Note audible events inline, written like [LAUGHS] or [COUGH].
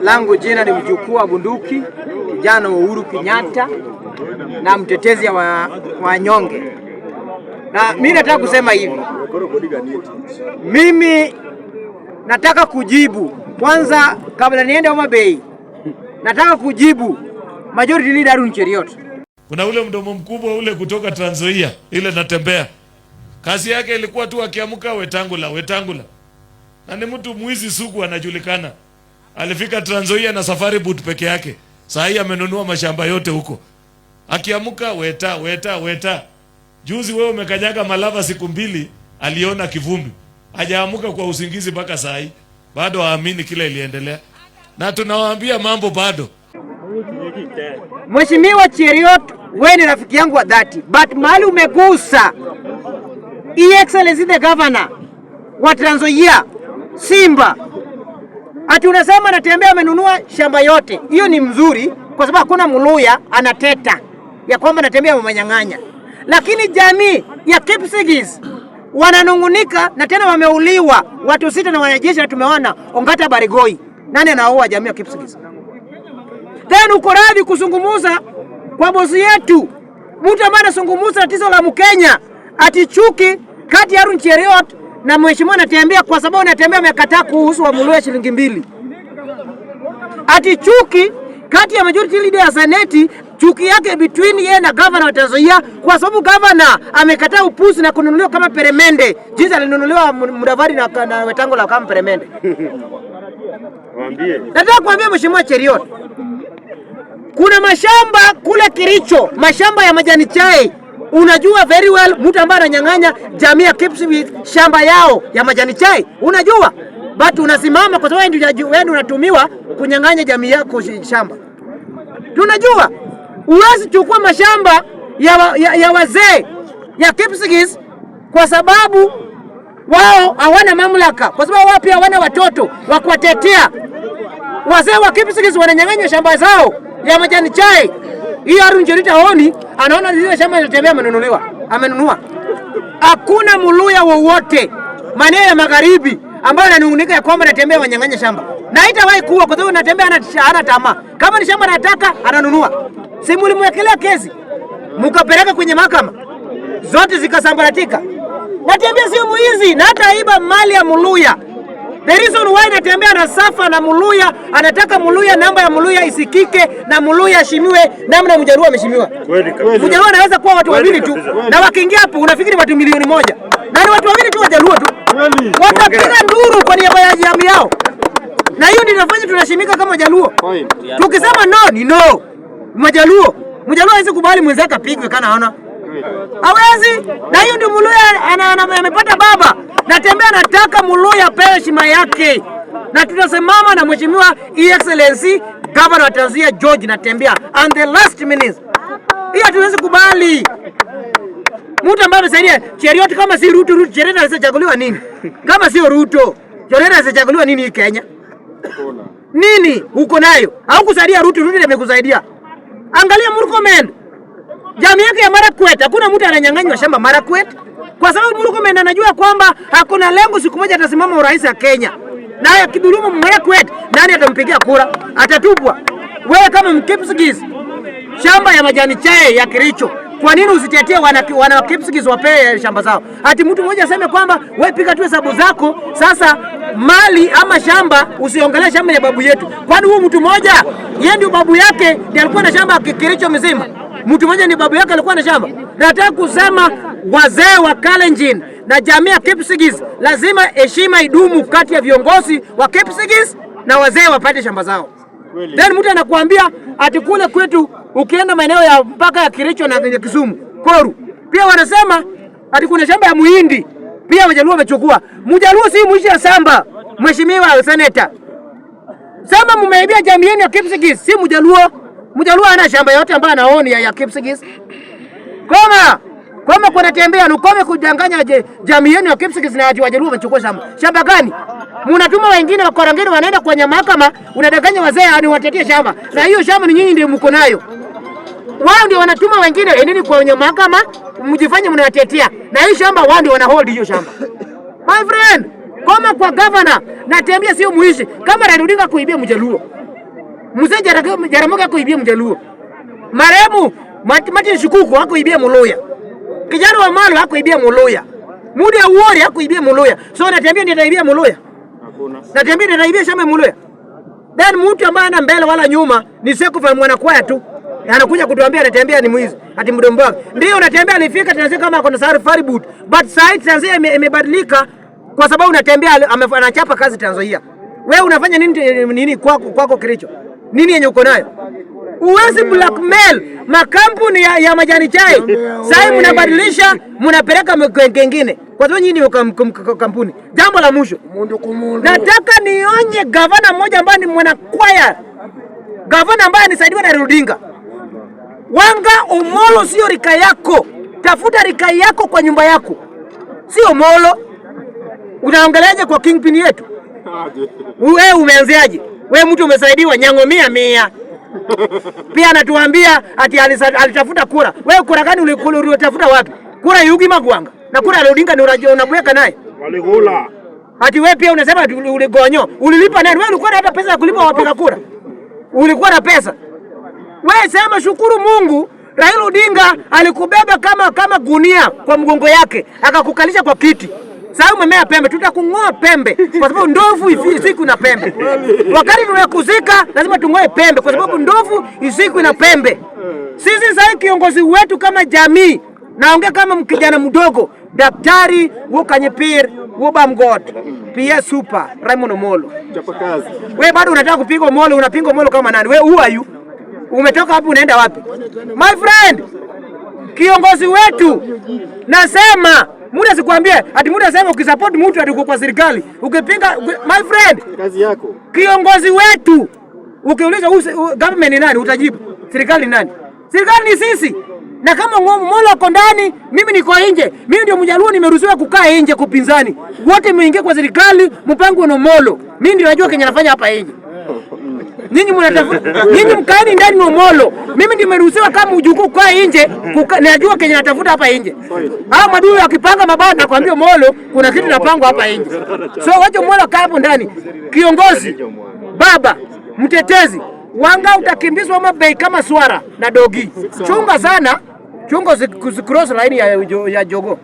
langu jina ni mjukuu wa bunduki, kijana wa Uhuru Kenyatta na mtetezi wa wanyonge. Na mimi nataka kusema hivi, mimi nataka kujibu kwanza, kabla niende Homa Bay, nataka kujibu majority leader Harun Cheriot. Kuna ule mdomo mkubwa ule kutoka Trans Nzoia, ile natembea, kazi yake ilikuwa tu akiamka wetangula wetangula, na ni mtu mwizi sugu, anajulikana. Alifika Trans Nzoia na safari boot peke yake. Saa hii amenunua mashamba yote huko. Akiamka weta weta weta. Juzi wewe umekanyaga Malava siku mbili, aliona kivumbi. Hajaamka kwa usingizi mpaka saa hii. Bado haamini kile iliendelea. Na tunawaambia mambo bado. Mheshimiwa Cheriot, wewe ni rafiki yangu wa dhati, but mahali umegusa Excellency the Governor wa Trans Nzoia Simba Ati unasema anatembea amenunua shamba yote, hiyo ni mzuri, kwa sababu hakuna mluya anateta ya kwamba anatembea wamenyang'anya, lakini jamii ya Kipsigis wananungunika na tena wameuliwa watu sita na wanajeshi, na tumeona Ongata Barigoi. Nani anaoa jamii ya Kipsigis? Tena uko radhi kuzungumuza kwa bosi yetu, mtu ambaye anasungumuza tatizo la Mkenya ati chuki kati ya Runcheriot na mheshimiwa anatembea kwa sababu anatembea amekataa kuhusu wamulue shilingi mbili, ati chuki kati ya majority leader ya seneti, chuki yake between yeye na governor wa Tanzania kwa sababu gavana amekataa upusi na kununuliwa kama peremende, jinsi alinunuliwa Mudavadi na, na Wetangola kama peremende. Nataka kuambia mheshimiwa Cheriot, kuna mashamba kule Kiricho, mashamba ya majani chai Unajua very well mtu ambaye ananyang'anya jamii ya Kipswich shamba yao ya majani chai, unajua but unasimama kwa sababu wewe ndio unatumiwa kunyang'anya jamii yako shamba. Tunajua uwezi chukua mashamba ya, wa, ya, ya wazee ya Kipsigis kwa sababu wao hawana mamlaka, kwa sababu wao pia hawana watoto wa kuwatetea. Wazee wa Kipsigis wananyang'anywa shamba zao ya majani chai hiyo Runjerita haoni, anaona zile shamba zinatembea, amenunuliwa amenunua. Hakuna muluya wowote maeneo ya magharibi ambayo ananungunika ya kwamba natembea wanyang'anya shamba, na haitawahi kuwa kwa sababu natembea hana tamaa. Kama ni shamba anataka ananunua, si mlimwekelea kesi mukapeleka kwenye mahakama zote zikasambaratika. Natembea simu hizi na iba mali ya muluya. The reason why natembea na Safa na Muluya, anataka Muluya namba ya Muluya isikike na Muluya ashimiwe namna Mjaruo ameshimiwa. Mjaruo anaweza kuwa watu wawili tu, na wakiingia hapo unafikiri watu milioni moja, na ni watu wawili tu Wajaluo tu watapiga nduru kwa niaba ya jamii yao, na hiyo ndio inafanya tunashimika kama Jaluo. Tukisema no ni no, Mjaluo Mjaluo hawezi kubali mwenzake apigwe kana ona hawezi na hiyo ndio Muluya amepata baba. Natembea nataka Muluya apewe heshima yake, na tutasimama na mheshimiwa Excellency Governor wa Tanzania George Natembea and the last minutes. Hiyo hatuwezi kubali mtu ambaye amesaidia Cheriot kama si Ruto. Ruto Cheriot anaweza chaguliwa nini kama sio Ruto? Cheriot anaweza chaguliwa nini hii Kenya? Nini uko nayo? Haukusaidia Ruto, Ruto ndiye amekusaidia. Angalia Murkomen Jamii yake ya Marakwet hakuna mtu ananyang'anywa shamba Marakwet, kwa sababu Murkomen anajua kwamba hakuna lengo siku moja atasimama urais wa Kenya, naye akidhulumu Marakwet, nani atampigia kura? Atatupwa. Wewe kama Mkipsigis, shamba ya majani chai ya Kericho, kwa nini usitetie wana, wana Kipsigis wapewe shamba zao? Ati mtu mmoja aseme kwamba wewe pika tu hesabu zako sasa mali ama shamba usiongelee shamba ya babu yetu. Kwani huyu mtu mmoja yeye ndio babu yake ndiye alikuwa na shamba ya Kericho mzima? mtu mmoja ni babu yake alikuwa na shamba. Nataka kusema wazee wa Kalenjin na jamii ya Kipsigis, lazima heshima idumu kati ya viongozi wa Kipsigis na wazee wapate shamba zao. Then mtu anakuambia ati kule kwetu ukienda maeneo ya mpaka ya Kericho na ya Kisumu Koru, pia wanasema ati kuna shamba ya muhindi pia Wajaluo wamechukua. Mjaluo si mwishi ya samba, mheshimiwa seneta. sema mumeibia jamii yenu ya Kipsigis, si Mjaluo. Mjaluo ana shamba yote ambayo anaoni ya, ya Kipsigis. Koma! Koma kuna tembea nukome kudanganya je, jamii yenu ya Kipsigis na watu Wajaluo wamechukua shamba. Shamba gani? Mnatuma wengine wa Korangeni wanaenda kwenye mahakama, unadanganya wazee ani watetie shamba. Na hiyo shamba ni nyinyi ndio mko nayo. Wao ndio wanatuma wengine endeni kwenye mahakama mjifanye mnawatetea. Na hiyo shamba wao ndio wanahold hiyo shamba. My friend, koma kwa governor na tembea sio muishi. Kama Raila kuibia mjaluo mzee Jaramogi akoibia mjaluo, marehemu Martin Shikuku akoibia muluya, kijana wa Malo akoibia muluya, Mudi ya Uori akoibia muluya. So natiambia ndio taibia muluya, natiambia ndio taibia shamba muluya. Then mtu ambaye ana mbele wala nyuma ni siku fa mwanakwaya tu anakuja kutuambia anatembea ni mwizi ati mdomo wake ndio unatembea. Alifika Tanzania kama kuna na safari boot, but sasa Tanzania imebadilika kwa sababu unatembea, anachapa kazi Tanzania. Wewe unafanya nini nini kwako kwako kilicho nini yenye uko nayo Uwezi blackmail makampuni ya, ya majani chai. Sasa mnabadilisha mnapeleka mengine, kwa sababu nyinyi ni kampuni. Jambo la mwisho, nataka nionye gavana mmoja ambaye ni mwanakwaya, gavana ambaye anisaidiwa na Rudinga Wanga. Omolo sio rika yako, tafuta rika yako kwa nyumba yako, sio Omolo. Unaongeleaje kwa kingpin yetu? Wewe umeanzeaje? we mtu umesaidiwa nyango mia mia. Pia anatuambia ati alitafuta kura. We kura gani ulitafuta wapi? Kura Yugi Magwanga na kura Odinga ndio unabweka naye walikula. Ati we pia unasema uligonyo, ulilipa nani? We ulikuwa na hata pesa ya kulipa wapiga kura? Ulikuwa na pesa? We sema shukuru Mungu, Raila Odinga alikubeba kama kama gunia kwa mgongo yake akakukalisha kwa kiti. Usisahau memea pembe, tutakung'oa pembe kwa sababu ndovu isiku na pembe. Wakati tunakuzika lazima tung'oe pembe kwa sababu ndovu isiku na pembe. Sisi sasa kiongozi wetu kama jamii, naongea kama mkijana mdogo, Daktari Wukanyipir Wubamgot pia super Raymond Omolo, we bado unataka kupiga Omolo, unapinga Omolo kama nani? We who are you? Umetoka wapi? Unaenda wapi? My friend, kiongozi wetu nasema Muda sikwambie ati muda sema ukisupport mtu ati uko kwa serikali. Ukipinga my friend, kazi yako. Kiongozi wetu. Ukiuliza government ni nani utajibu serikali ni nani? Serikali ni sisi. Na kama Mola uko ndani, mimi niko nje. Mimi ndio Mjaluo nimeruhusiwa kukaa nje kupinzani. Wote mwingie kwa serikali, mpango na Molo. Mimi ndio najua kenye nafanya hapa nje. [LAUGHS] Nyinyi mnatafuta nyinyi mkaeni ndani ya Omolo. Mimi nimeruhusiwa kama mjukuu kwa nje, najua kenye natafuta hapa nje. Hao madudu wakipanga mabaya na kuambia Omolo kuna kitu napangwa hapa nje. So wacha Omolo kaa hapo ndani. Kiongozi, baba, mtetezi, wanga utakimbizwa mabei kama swara na dogi. Chunga sana. Chunga usikross laini ya, ya jogo.